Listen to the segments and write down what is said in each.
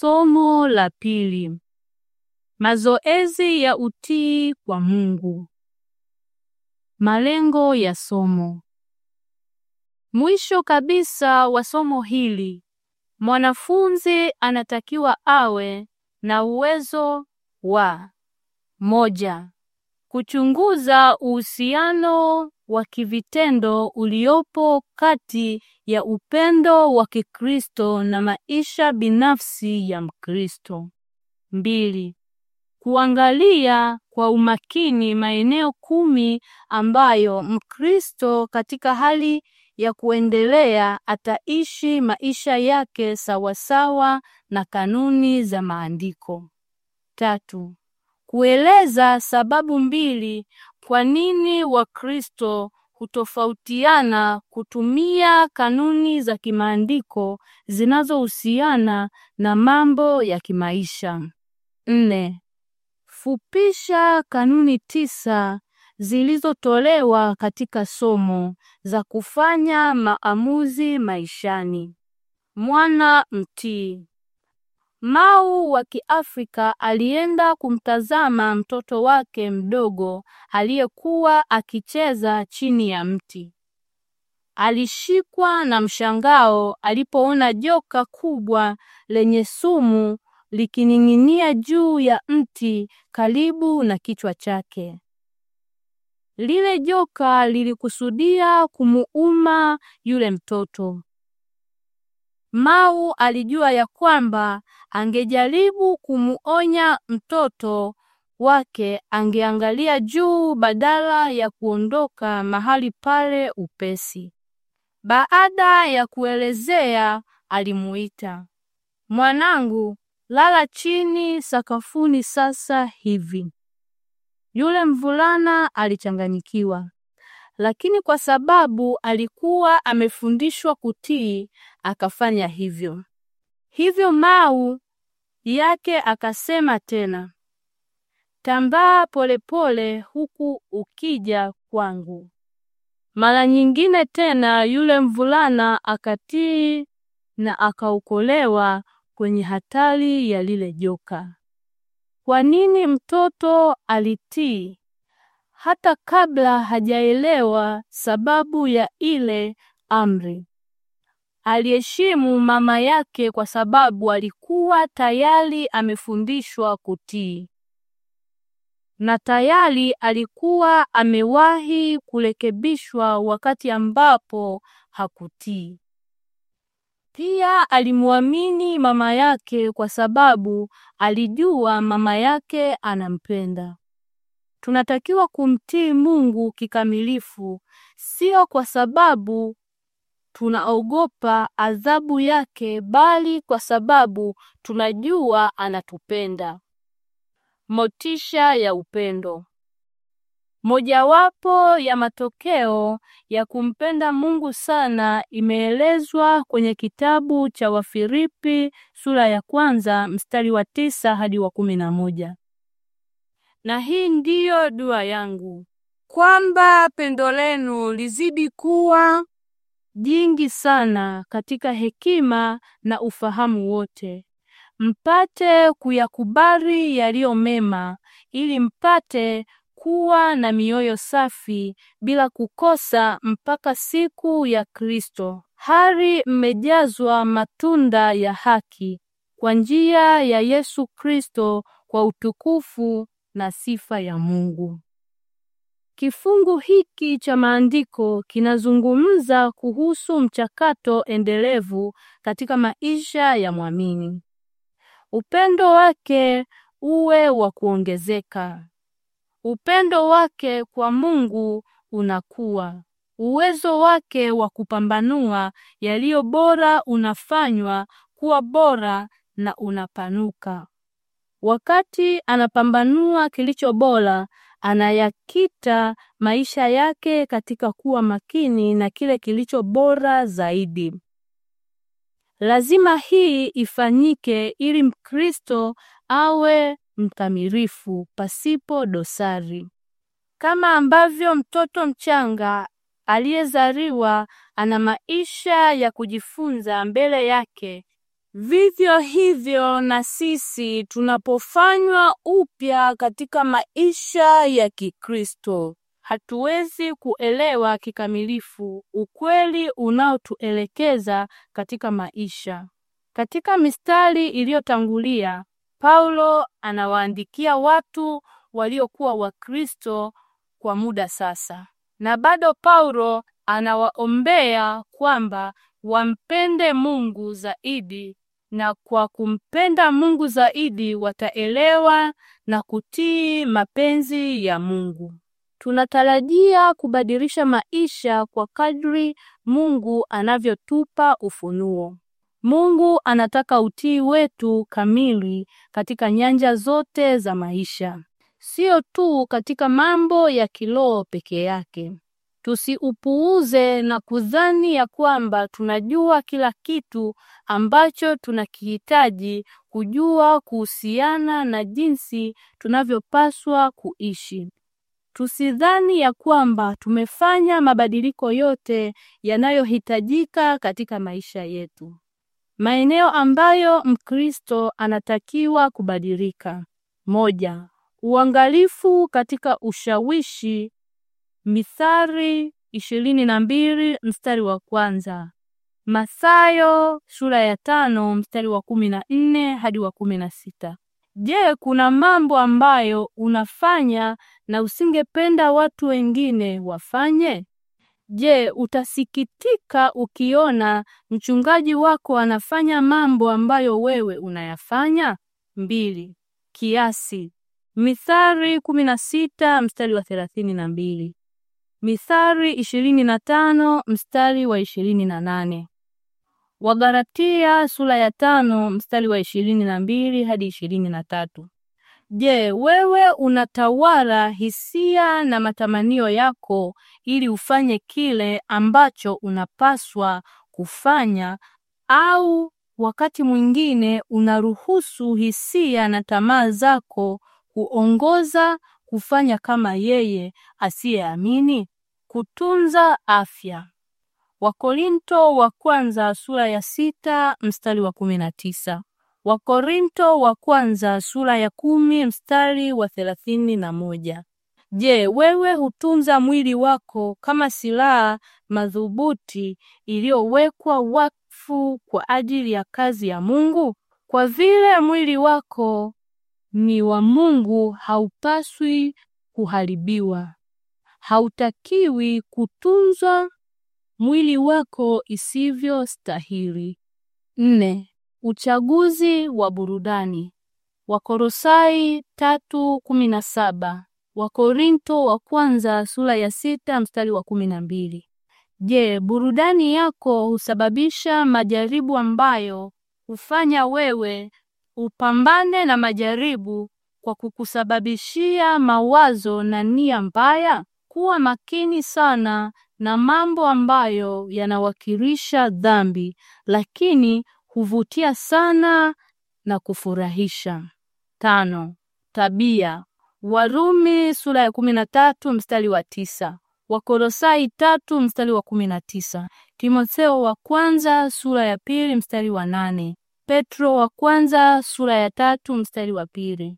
Somo la pili: mazoezi ya utii kwa Mungu. Malengo ya somo. Mwisho kabisa wa somo hili, mwanafunzi anatakiwa awe na uwezo wa: moja, kuchunguza uhusiano wa kivitendo uliopo kati ya upendo wa Kikristo na maisha binafsi ya Mkristo. Mbili, kuangalia kwa umakini maeneo kumi ambayo Mkristo katika hali ya kuendelea ataishi maisha yake sawasawa na kanuni za maandiko. Tatu, kueleza sababu mbili kwa nini Wakristo hutofautiana kutumia kanuni za kimaandiko zinazohusiana na mambo ya kimaisha? Nne, fupisha kanuni tisa zilizotolewa katika somo za kufanya maamuzi maishani. Mwana mtii. Mau wa Kiafrika alienda kumtazama mtoto wake mdogo aliyekuwa akicheza chini ya mti. Alishikwa na mshangao alipoona joka kubwa lenye sumu likining'inia juu ya mti karibu na kichwa chake. Lile joka lilikusudia kumuuma yule mtoto, Mau alijua ya kwamba angejaribu kumuonya mtoto wake angeangalia juu badala ya kuondoka mahali pale upesi. Baada ya kuelezea, alimuita, mwanangu, lala chini sakafuni sasa hivi. Yule mvulana alichanganyikiwa, lakini kwa sababu alikuwa amefundishwa kutii akafanya hivyo. Hivyo mau yake akasema tena, tambaa polepole huku ukija kwangu. Mara nyingine tena yule mvulana akatii na akaokolewa kwenye hatari ya lile joka. Kwa nini mtoto alitii hata kabla hajaelewa sababu ya ile amri? Aliheshimu mama yake kwa sababu alikuwa tayari amefundishwa kutii na tayari alikuwa amewahi kurekebishwa wakati ambapo hakutii. Pia alimwamini mama yake kwa sababu alijua mama yake anampenda. Tunatakiwa kumtii Mungu kikamilifu, sio kwa sababu tunaogopa adhabu yake bali kwa sababu tunajua anatupenda. Motisha ya upendo. Mojawapo ya matokeo ya kumpenda Mungu sana imeelezwa kwenye kitabu cha Wafilipi sura ya kwanza mstari wa tisa hadi wa kumi na moja. Na hii ndiyo dua yangu kwamba pendo lenu lizidi kuwa jingi sana katika hekima na ufahamu wote, mpate kuyakubali yaliyo mema, ili mpate kuwa na mioyo safi bila kukosa, mpaka siku ya Kristo, hali mmejazwa matunda ya haki kwa njia ya Yesu Kristo, kwa utukufu na sifa ya Mungu. Kifungu hiki cha maandiko kinazungumza kuhusu mchakato endelevu katika maisha ya mwamini. Upendo wake uwe wa kuongezeka. Upendo wake kwa Mungu unakuwa. Uwezo wake wa kupambanua yaliyo bora unafanywa kuwa bora na unapanuka. Wakati anapambanua kilicho bora anayakita maisha yake katika kuwa makini na kile kilicho bora zaidi. Lazima hii ifanyike ili Mkristo awe mkamilifu pasipo dosari, kama ambavyo mtoto mchanga aliyezaliwa ana maisha ya kujifunza mbele yake Vivyo hivyo na sisi tunapofanywa upya katika maisha ya Kikristo, hatuwezi kuelewa kikamilifu ukweli unaotuelekeza katika maisha. Katika mistari iliyotangulia, Paulo anawaandikia watu waliokuwa Wakristo kwa muda sasa. Na bado Paulo anawaombea kwamba wampende Mungu zaidi na kwa kumpenda Mungu zaidi wataelewa na kutii mapenzi ya Mungu. Tunatarajia kubadilisha maisha kwa kadri Mungu anavyotupa ufunuo. Mungu anataka utii wetu kamili katika nyanja zote za maisha, sio tu katika mambo ya kiroho peke yake. Tusiupuuze na kudhani ya kwamba tunajua kila kitu ambacho tunakihitaji kujua kuhusiana na jinsi tunavyopaswa kuishi. Tusidhani ya kwamba tumefanya mabadiliko yote yanayohitajika katika maisha yetu. Maeneo ambayo Mkristo anatakiwa kubadilika: moja, uangalifu katika ushawishi Mithali ishirini na mbili mstari wa kwanza, Mathayo sura ya tano mstari wa kumi na nne hadi wa kumi na sita. Je, kuna mambo ambayo unafanya na usingependa watu wengine wafanye? Je, utasikitika ukiona mchungaji wako anafanya mambo ambayo wewe unayafanya? Mbili, kiasi. Mithali kumi na sita mstari wa thelathini na mbili. Mithali 25 mstari wa 28. Wagalatia sura ya tano mstari wa 22 hadi 23. Je, wewe unatawala hisia na matamanio yako ili ufanye kile ambacho unapaswa kufanya au wakati mwingine unaruhusu hisia na tamaa zako kuongoza kufanya kama yeye asiyeamini? Kutunza afya. Wakorinto wa kwanza sura ya sita mstari wa kumi na tisa. Wakorinto wa kwanza sura ya kumi mstari wa thelathini na moja. Je, wewe hutunza mwili wako kama silaha madhubuti iliyowekwa wakfu kwa ajili ya kazi ya Mungu? Kwa vile mwili wako ni wa Mungu haupaswi kuharibiwa. Hautakiwi kutunzwa mwili wako stahili. Nne, uchaguzi wa burudani. Wakorosai 3:17. Wakorinto wa kwanza sura ya sita mstari wa kumi na mbili. Je, burudani yako husababisha majaribu ambayo hufanya wewe upambane na majaribu kwa kukusababishia mawazo na nia mbaya. Kuwa makini sana na mambo ambayo yanawakilisha dhambi, lakini huvutia sana na kufurahisha. Tano, tabia. Warumi sura ya kumi na tatu mstari wa tisa. Wakolosai tatu mstari wa kumi na tisa. Timotheo wa kwanza sura ya pili mstari wa nane. Petro wa kwanza sura ya tatu mstari wa pili.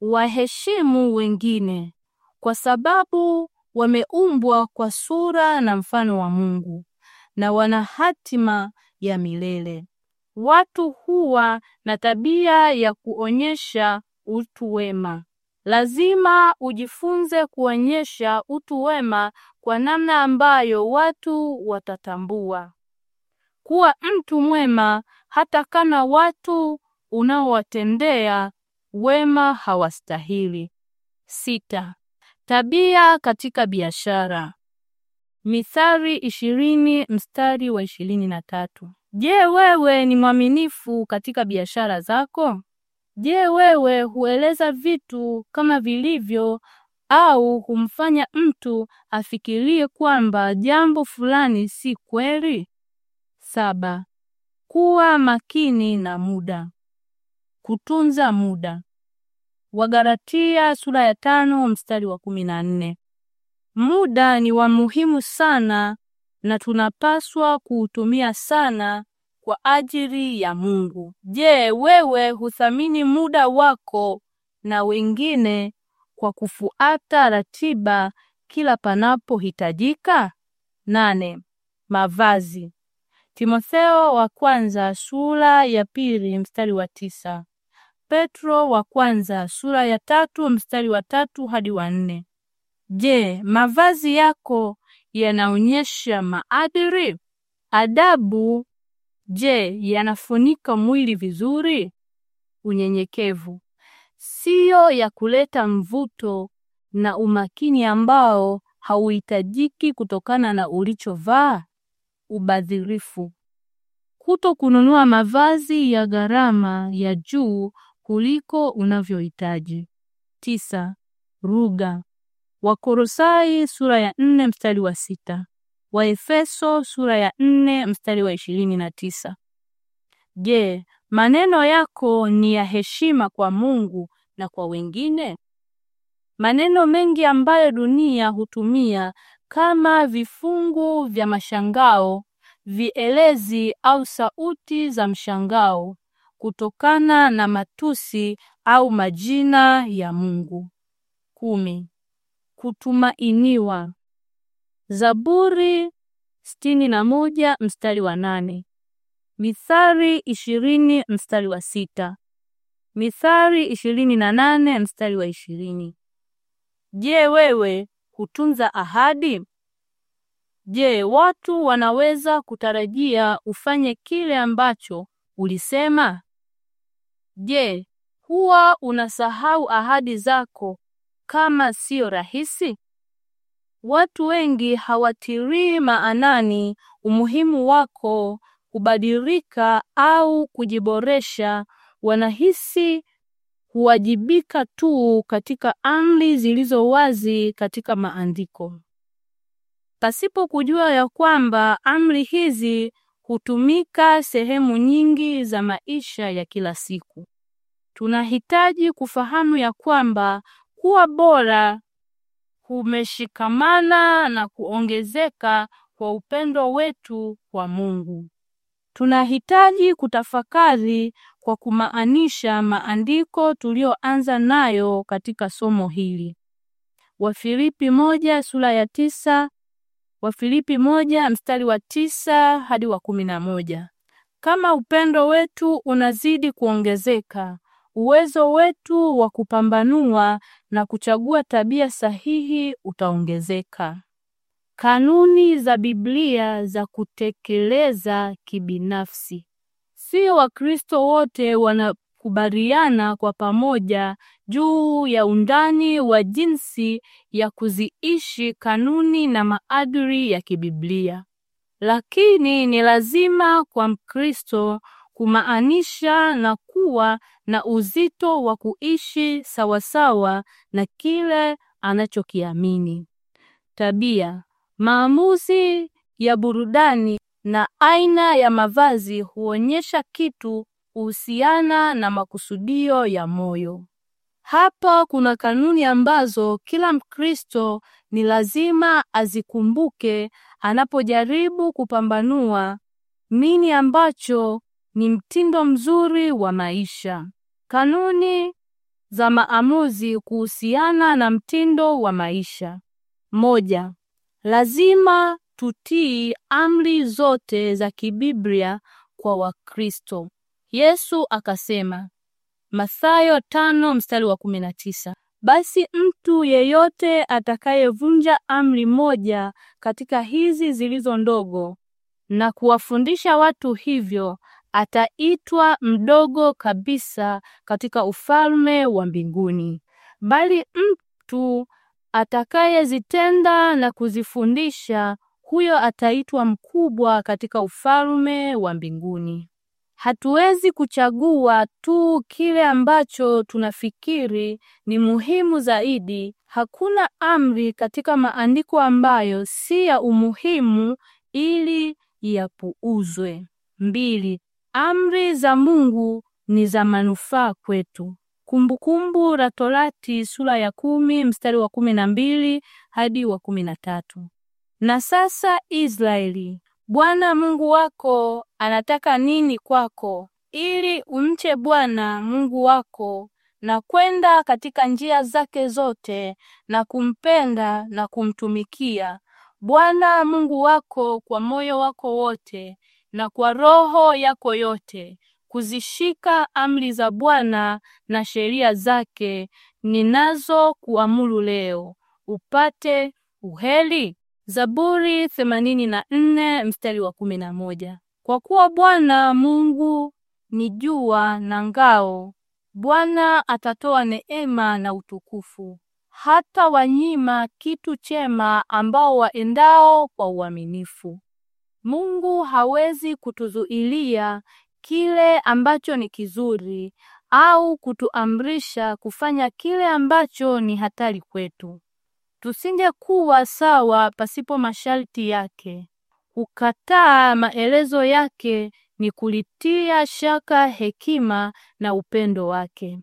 Waheshimu wengine kwa sababu wameumbwa kwa sura na mfano wa Mungu na wana hatima ya milele. Watu huwa na tabia ya kuonyesha utu wema. Lazima ujifunze kuonyesha utu wema kwa namna ambayo watu watatambua. Kuwa mtu mwema hata kana watu unaowatendea wema hawastahili. Sita, tabia katika biashara. Mithali ishirini mstari wa ishirini na tatu. Je, wewe ni mwaminifu katika biashara zako? Je, wewe hueleza vitu kama vilivyo au humfanya mtu afikirie kwamba jambo fulani si kweli? Saba, kuwa makini na muda. Kutunza muda. Wagalatia sura ya tano mstari wa kumi na nne. Muda ni wa muhimu sana na tunapaswa kuutumia sana kwa ajili ya Mungu. Je, wewe huthamini muda wako na wengine kwa kufuata ratiba kila panapohitajika? Nane, mavazi. Timotheo wa kwanza sura ya pili mstari wa tisa. Petro wa kwanza sura ya tatu mstari wa tatu hadi wa nne. Je, mavazi yako yanaonyesha maadili? Adabu, je, yanafunika mwili vizuri? Unyenyekevu, siyo ya kuleta mvuto na umakini ambao hauhitajiki kutokana na ulichovaa ubadhirifu. Kuto kununua mavazi ya gharama ya juu kuliko unavyohitaji. Tisa, ruga. Wakorosai sura ya nne mstari wa sita. Waefeso sura ya nne mstari wa ishirini na tisa. Je, maneno yako ni ya heshima kwa Mungu na kwa wengine? Maneno mengi ambayo dunia hutumia kama vifungu vya mashangao, vielezi au sauti za mshangao kutokana na matusi au majina ya Mungu. Kumi. Kutumainiwa. Zaburi sitini na moja mstari wa nane Mithali ishirini mstari wa sita Mithali ishirini na nane mstari wa ishirini Je, wewe kutunza ahadi? Je, watu wanaweza kutarajia ufanye kile ambacho ulisema? Je, huwa unasahau ahadi zako kama siyo rahisi? Watu wengi hawatirii maanani umuhimu wako kubadilika au kujiboresha. Wanahisi huwajibika tu katika amri zilizo wazi katika maandiko, pasipo kujua ya kwamba amri hizi hutumika sehemu nyingi za maisha ya kila siku. Tunahitaji kufahamu ya kwamba kuwa bora kumeshikamana na kuongezeka kwa upendo wetu kwa Mungu. Tunahitaji kutafakari kwa kumaanisha maandiko tuliyoanza nayo katika somo hili. Wafilipi moja sura ya tisa, Wafilipi moja mstari wa tisa hadi wa kumi na moja. Kama upendo wetu unazidi kuongezeka, uwezo wetu wa kupambanua na kuchagua tabia sahihi utaongezeka kanuni za Biblia za kutekeleza kibinafsi. Sio Wakristo wote wanakubaliana kwa pamoja juu ya undani wa jinsi ya kuziishi kanuni na maadili ya kibiblia, lakini ni lazima kwa Mkristo kumaanisha na kuwa na uzito wa kuishi sawasawa na kile anachokiamini. Tabia Maamuzi ya burudani na aina ya mavazi huonyesha kitu kuhusiana na makusudio ya moyo. Hapa kuna kanuni ambazo kila Mkristo ni lazima azikumbuke anapojaribu kupambanua nini ambacho ni mtindo mzuri wa maisha. Kanuni za maamuzi kuhusiana na mtindo wa maisha. Moja, Lazima tutii amri zote za kibiblia kwa Wakristo. Yesu akasema Mathayo tano mstari wa kumi na tisa basi mtu yeyote atakayevunja amri moja katika hizi zilizo ndogo na kuwafundisha watu hivyo ataitwa mdogo kabisa katika ufalme wa mbinguni, bali mtu Atakayezitenda na kuzifundisha huyo ataitwa mkubwa katika ufalme wa mbinguni. Hatuwezi kuchagua tu kile ambacho tunafikiri ni muhimu zaidi. Hakuna amri katika maandiko ambayo si ya umuhimu ili yapuuzwe. Mbili, amri za Mungu ni za manufaa kwetu. Kumbukumbu la Torati sura ya kumi mstari wa kumi na mbili hadi wa kumi na tatu. Na sasa Israeli, Bwana Mungu wako anataka nini kwako ili umche Bwana Mungu wako na kwenda katika njia zake zote na kumpenda na kumtumikia Bwana Mungu wako kwa moyo wako wote na kwa roho yako yote kuzishika amri za Bwana na sheria zake kuamuru leo upate uheri? Zaburi 84 mstari wa 11. Kwa kuwa Bwana Mungu ni jua na ngao, Bwana atatoa neema na utukufu, hata wanyima kitu chema ambao waendao kwa uaminifu. Mungu hawezi kutuzuilia kile ambacho ni kizuri au kutuamrisha kufanya kile ambacho ni hatari kwetu. Tusingekuwa sawa pasipo masharti yake. Kukataa maelezo yake ni kulitia shaka hekima na upendo wake.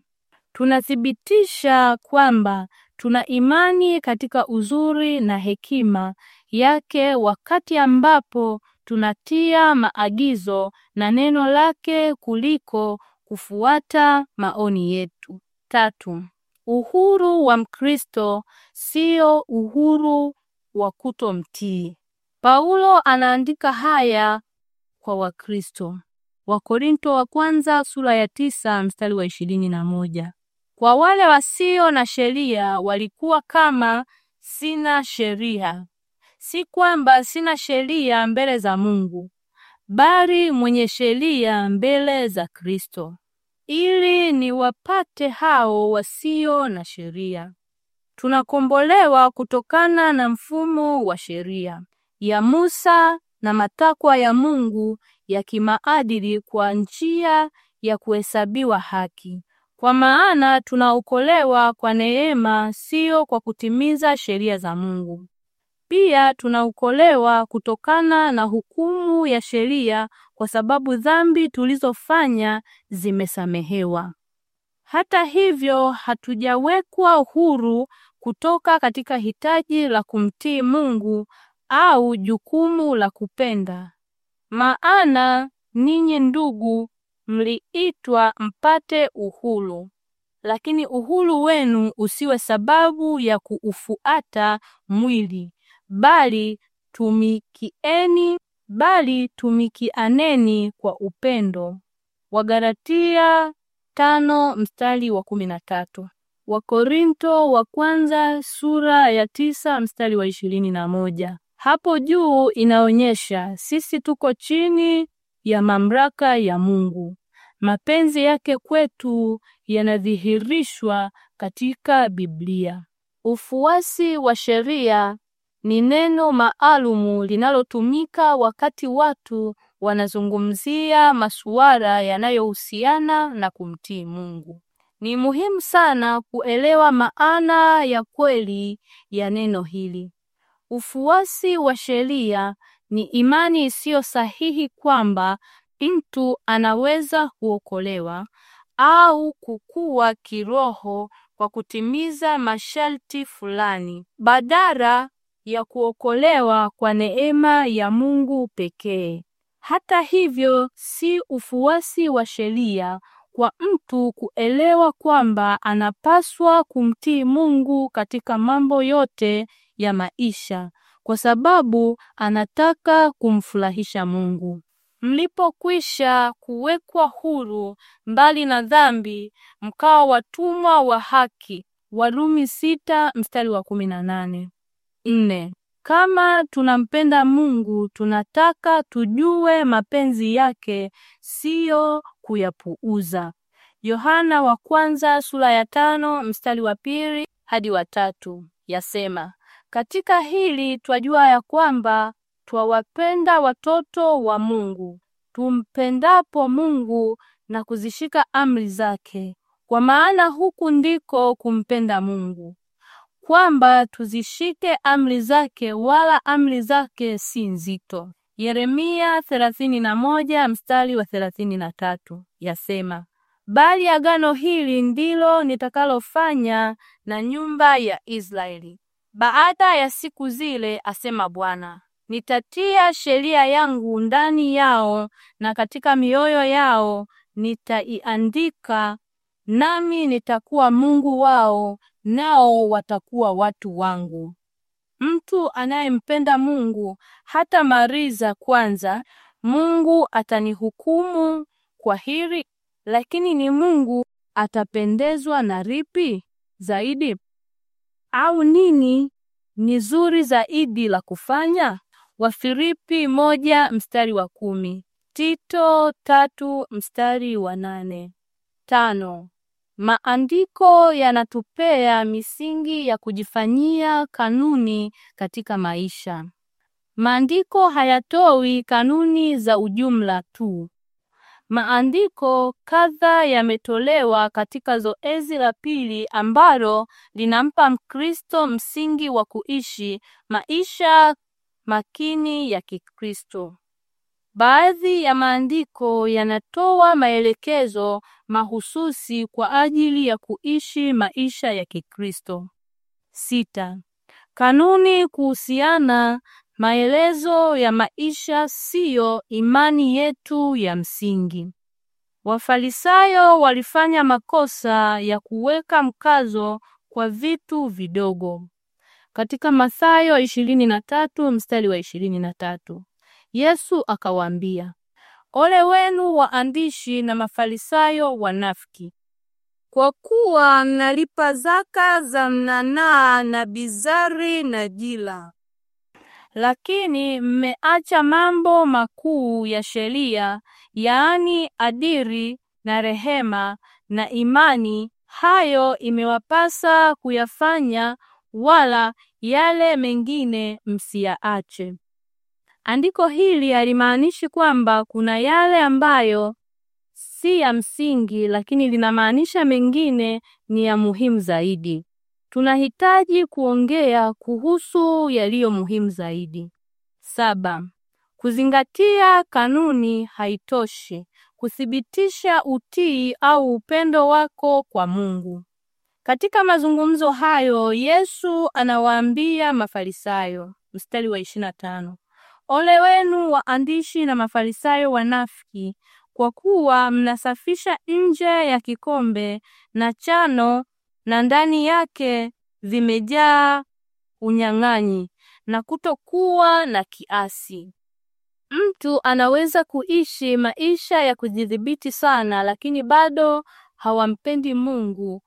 Tunathibitisha kwamba tuna imani katika uzuri na hekima yake wakati ambapo tunatia maagizo na neno lake kuliko kufuata maoni yetu. Tatu, uhuru wa Mkristo sio uhuru wa kutomtii. Paulo anaandika haya kwa Wakristo. Wakorinto wa kwanza sura ya tisa mstari wa ishirini na moja. Kwa wale wasio na sheria walikuwa kama sina sheria, si kwamba sina sheria mbele za Mungu, bali mwenye sheria mbele za Kristo, ili niwapate hao wasio na sheria. Tunakombolewa kutokana na mfumo wa sheria ya Musa na matakwa ya Mungu ya kimaadili kwa njia ya kuhesabiwa haki. Kwa maana tunaokolewa kwa neema, sio kwa kutimiza sheria za Mungu. Pia tunaokolewa kutokana na hukumu ya sheria kwa sababu dhambi tulizofanya zimesamehewa. Hata hivyo, hatujawekwa uhuru kutoka katika hitaji la kumtii Mungu au jukumu la kupenda. Maana ninyi ndugu, mliitwa mpate uhuru, lakini uhuru wenu usiwe sababu ya kuufuata mwili, bali tumikieni, bali tumikianeni kwa upendo. Wagalatia tano mstari wa kumi na tatu. Wakorinto wa kwanza sura ya tisa mstari wa ishirini na moja. Hapo juu inaonyesha sisi tuko chini ya mamlaka ya Mungu. Mapenzi yake kwetu yanadhihirishwa katika Biblia. Ufuasi wa sheria ni neno maalumu linalotumika wakati watu wanazungumzia masuala yanayohusiana na kumtii Mungu. Ni muhimu sana kuelewa maana ya kweli ya neno hili. Ufuasi wa sheria ni imani isiyo sahihi kwamba mtu anaweza kuokolewa au kukua kiroho kwa kutimiza masharti fulani, badala ya kuokolewa kwa neema ya Mungu pekee. Hata hivyo, si ufuasi wa sheria kwa mtu kuelewa kwamba anapaswa kumtii Mungu katika mambo yote ya maisha, kwa sababu anataka kumfurahisha Mungu. Mlipokwisha kuwekwa huru mbali na dhambi, mkawa watumwa wa haki. Warumi sita mstari wa kumi na nane. Nne. Kama tunampenda Mungu tunataka tujue mapenzi yake, siyo kuyapuuza. Yohana wa kwanza sura ya tano mstari wa pili hadi wa tatu yasema, katika hili twajua ya kwamba twawapenda watoto wa Mungu tumpendapo Mungu na kuzishika amri zake, kwa maana huku ndiko kumpenda Mungu kwamba tuzishike amri zake, wala amri zake si nzito. Yeremia 31 mstari wa 33 yasema, bali agano hili ndilo nitakalofanya na nyumba ya Israeli baada ya siku zile, asema Bwana, nitatia sheria yangu ndani yao na katika mioyo yao nitaiandika, nami nitakuwa Mungu wao nao watakuwa watu wangu. Mtu anayempenda Mungu hata mariza kwanza, Mungu atanihukumu kwa hili. Lakini ni Mungu atapendezwa na ripi zaidi? Au nini ni zuri zaidi la kufanya? Wafilipi moja mstari wa kumi, Tito tatu mstari wa nane. Tano. Maandiko yanatupea misingi ya kujifanyia kanuni katika maisha. Maandiko hayatoi kanuni za ujumla tu. Maandiko kadha yametolewa katika zoezi la pili ambalo linampa Mkristo msingi wa kuishi maisha makini ya Kikristo. Baadhi ya maandiko yanatoa maelekezo mahususi kwa ajili ya kuishi maisha ya Kikristo. Sita, kanuni kuhusiana maelezo ya maisha siyo imani yetu ya msingi. Wafarisayo walifanya makosa ya kuweka mkazo kwa vitu vidogo. Katika Mathayo 23 mstari wa 23. Yesu akawaambia, ole wenu waandishi na mafarisayo wanafiki, kwa kuwa mnalipa zaka za mnanaa na bizari na jila, lakini mmeacha mambo makuu ya sheria, yaani adili na rehema na imani. Hayo imewapasa kuyafanya, wala yale mengine msiyaache. Andiko hili halimaanishi kwamba kuna yale ambayo si ya msingi, lakini linamaanisha mengine ni ya muhimu zaidi. Tunahitaji kuongea kuhusu yaliyo muhimu zaidi. Saba, kuzingatia kanuni haitoshi kuthibitisha utii au upendo wako kwa Mungu. Katika mazungumzo hayo Yesu anawaambia Mafarisayo, mstari wa tano, Ole wenu waandishi na Mafarisayo wanafiki, kwa kuwa mnasafisha nje ya kikombe na chano, na ndani yake vimejaa unyang'anyi na kutokuwa na kiasi. Mtu anaweza kuishi maisha ya kujidhibiti sana, lakini bado hawampendi Mungu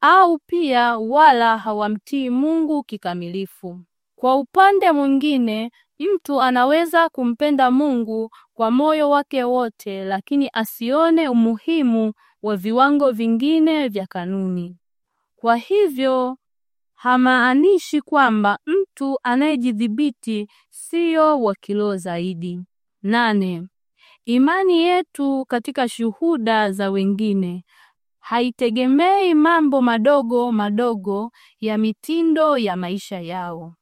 au pia wala hawamtii Mungu kikamilifu. Kwa upande mwingine, mtu anaweza kumpenda Mungu kwa moyo wake wote lakini asione umuhimu wa viwango vingine vya kanuni. Kwa hivyo, hamaanishi kwamba mtu anayejidhibiti siyo wa kiloo zaidi. Nane, imani yetu katika shuhuda za wengine haitegemei mambo madogo madogo ya mitindo ya maisha yao.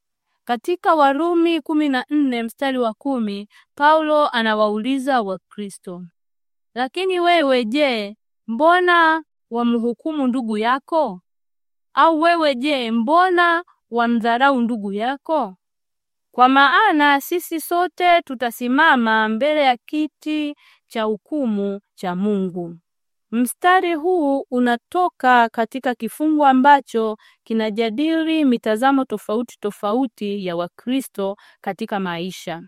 Katika Warumi 14 nne mstari wa kumi Paulo anawauliza Wakristo, lakini wewe je, mbona wamhukumu ndugu yako? Au wewe je, mbona wamdharau ndugu yako? Kwa maana sisi sote tutasimama mbele ya kiti cha hukumu cha Mungu. Mstari huu unatoka katika kifungu ambacho kinajadili mitazamo tofauti tofauti ya Wakristo katika maisha.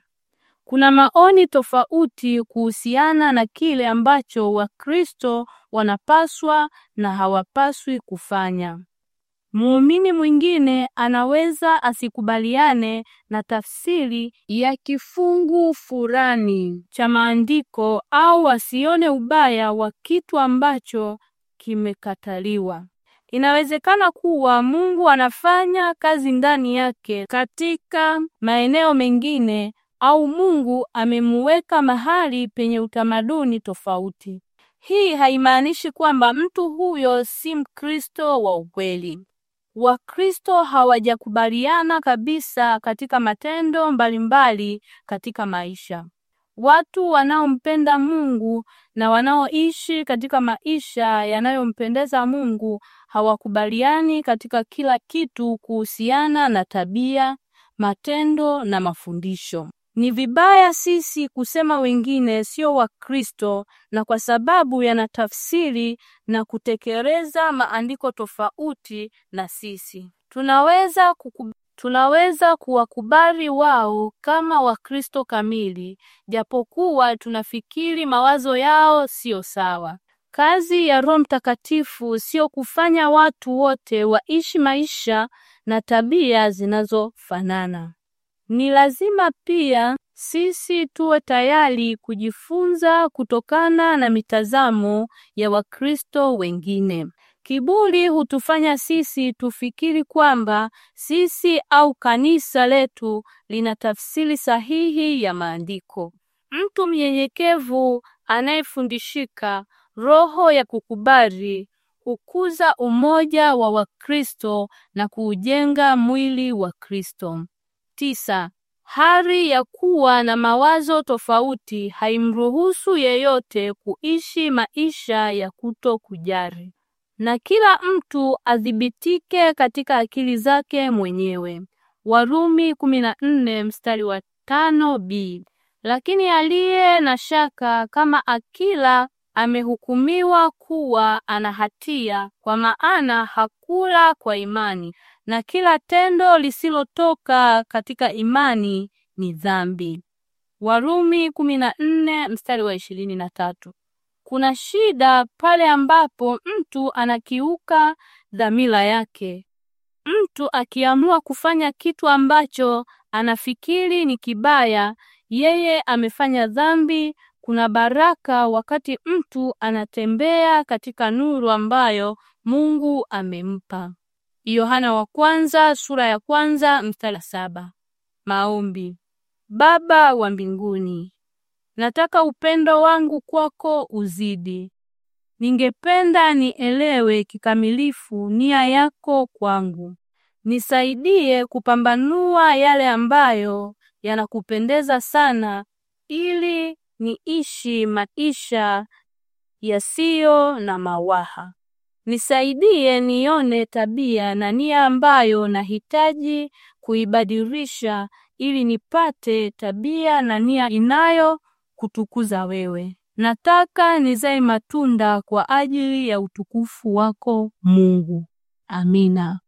Kuna maoni tofauti kuhusiana na kile ambacho Wakristo wanapaswa na hawapaswi kufanya. Muumini mwingine anaweza asikubaliane na tafsiri ya kifungu fulani cha maandiko au asione ubaya wa kitu ambacho kimekataliwa. Inawezekana kuwa Mungu anafanya kazi ndani yake katika maeneo mengine au Mungu amemuweka mahali penye utamaduni tofauti. Hii haimaanishi kwamba mtu huyo si Mkristo wa ukweli. Wakristo hawajakubaliana kabisa katika matendo mbalimbali mbali katika maisha. Watu wanaompenda Mungu na wanaoishi katika maisha yanayompendeza Mungu hawakubaliani katika kila kitu kuhusiana na tabia, matendo na mafundisho. Ni vibaya sisi kusema wengine sio Wakristo na kwa sababu yanatafsiri na kutekeleza maandiko tofauti na sisi. Tunaweza kukub... tunaweza kuwakubali wao kama Wakristo kamili japokuwa tunafikiri mawazo yao siyo sawa. Kazi ya Roho Mtakatifu sio kufanya watu wote waishi maisha na tabia zinazofanana. Ni lazima pia sisi tuwe tayari kujifunza kutokana na mitazamo ya Wakristo wengine. Kiburi hutufanya sisi tufikiri kwamba sisi au kanisa letu lina tafsiri sahihi ya maandiko. Mtu mnyenyekevu anayefundishika roho ya kukubali hukuza umoja wa Wakristo na kuujenga mwili wa Kristo tisa, hari ya kuwa na mawazo tofauti haimruhusu yeyote kuishi maisha ya kuto kujari na kila mtu athibitike katika akili zake mwenyewe. Warumi 14 mstari wa 5b. Lakini aliye na shaka kama akila amehukumiwa kuwa ana hatia, kwa maana hakula kwa imani na kila tendo lisilotoka katika imani ni dhambi. Warumi 14 mstari wa na tatu. Kuna shida pale ambapo mtu anakiuka dhamira yake. Mtu akiamua kufanya kitu ambacho anafikiri ni kibaya, yeye amefanya dhambi. Kuna baraka wakati mtu anatembea katika nuru ambayo Mungu amempa. Yohana wa kwanza sura ya kwanza mstari saba. Maombi. Baba wa mbinguni, nataka upendo wangu kwako uzidi. Ningependa nielewe kikamilifu nia yako kwangu. Nisaidie kupambanua yale ambayo yanakupendeza sana ili niishi maisha yasiyo na mawaha. Nisaidie nione tabia na nia ambayo nahitaji kuibadilisha ili nipate tabia na nia inayo kutukuza wewe. Nataka nizae matunda kwa ajili ya utukufu wako Mungu. Amina.